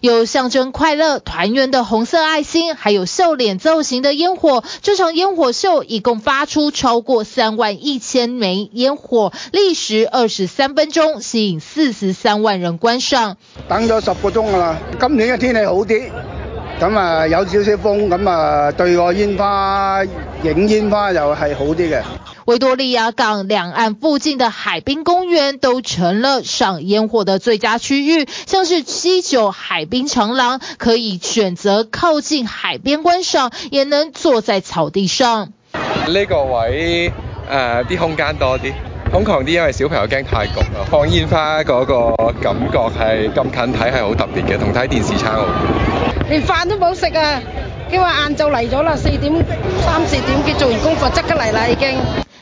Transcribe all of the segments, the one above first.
有象徵快樂團圓的紅色愛心，還有笑臉造型的煙火。這場煙火秀一共發出超過三萬一千枚煙火，歷時二十三分鐘，吸引四十三萬人觀賞。等咗十個鐘噶啦，今年嘅天氣好啲，咁啊有少少風，咁啊對個煙花影煙花又係好啲嘅。維多利亞港兩岸附近的海濱公園都成了賞煙火的最佳區域，像是西九海濱長廊，可以選擇靠近海邊觀賞，也能坐在草地上。呢、這個位誒，啲、呃、空間多啲，空曠啲，因為小朋友驚太焗啦。放煙花嗰個感覺係咁近睇係好特別嘅，同睇電視差好遠。連飯都冇食啊！因為晏晝嚟咗啦，四點三四點，嘅做完功課即刻嚟啦，已經。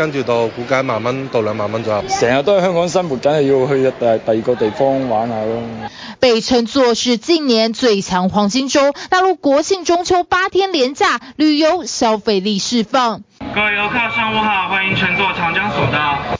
跟住到估計一萬蚊到兩萬蚊左右。成日都喺香港生活，梗係要去第第二個地方玩下咯。被稱作是近年最強黃金周，大陸國慶中秋八天連假，旅遊消費力釋放。各位遊客，上午好，歡迎乘坐長江索道。